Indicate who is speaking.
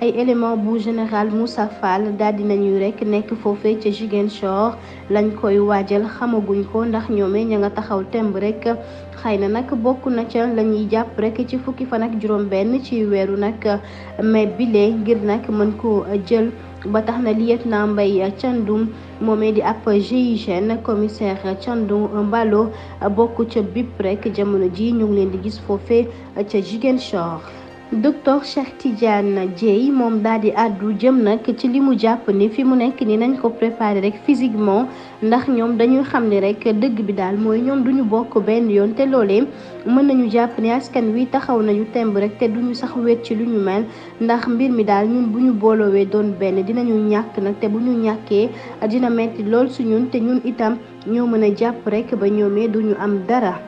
Speaker 1: ay élément bu général Moussa Fall daal dinañuy rek nekk foofee ca Ziguinchor lañ koy waajal xamaguñ ko ndax ñoome ña nga taxaw temb rek xëy na nag bokk na ca lañuy jàpp rek ci fukki fa ak juróom-benn ci weeru nag mai bile ngir nag mën ko jël. ba tax na lieutenant Mbaye Thiandoum moomee di ab GIGN commissaire Thiandoum Mballo bokk ca BIP rek jamono ji ñu leen di gis foofee ca Ziguinchor docteur Cheikh Tidiane Dieye moom daal di àddu jëm nag ci li mu jàpp ni fi mu nekk ni nañ ko préparer rek physiquement ndax ñoom dañuy xam ne rek dëgg bi daal mooy ñoom duñu bokk benn yoon te loolee mën nañu jàpp ni askan wi taxaw nañu temb rek te duñu sax wéet ci lu ñu mel ndax mbir mi daal ñun bu ñu booloowee doon benn dinañu ñàkk nag te bu ñu ñàkkee dina metti lool su ñun te ñun itam ñoo mën a jàpp rek ba ñoomee duñu am dara